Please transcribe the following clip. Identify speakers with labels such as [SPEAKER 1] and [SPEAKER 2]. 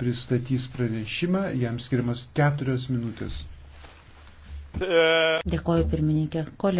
[SPEAKER 1] pristatys pranešimą, jam skirimas keturios minutės.
[SPEAKER 2] Dėkoju pirmininkė. Kolegė.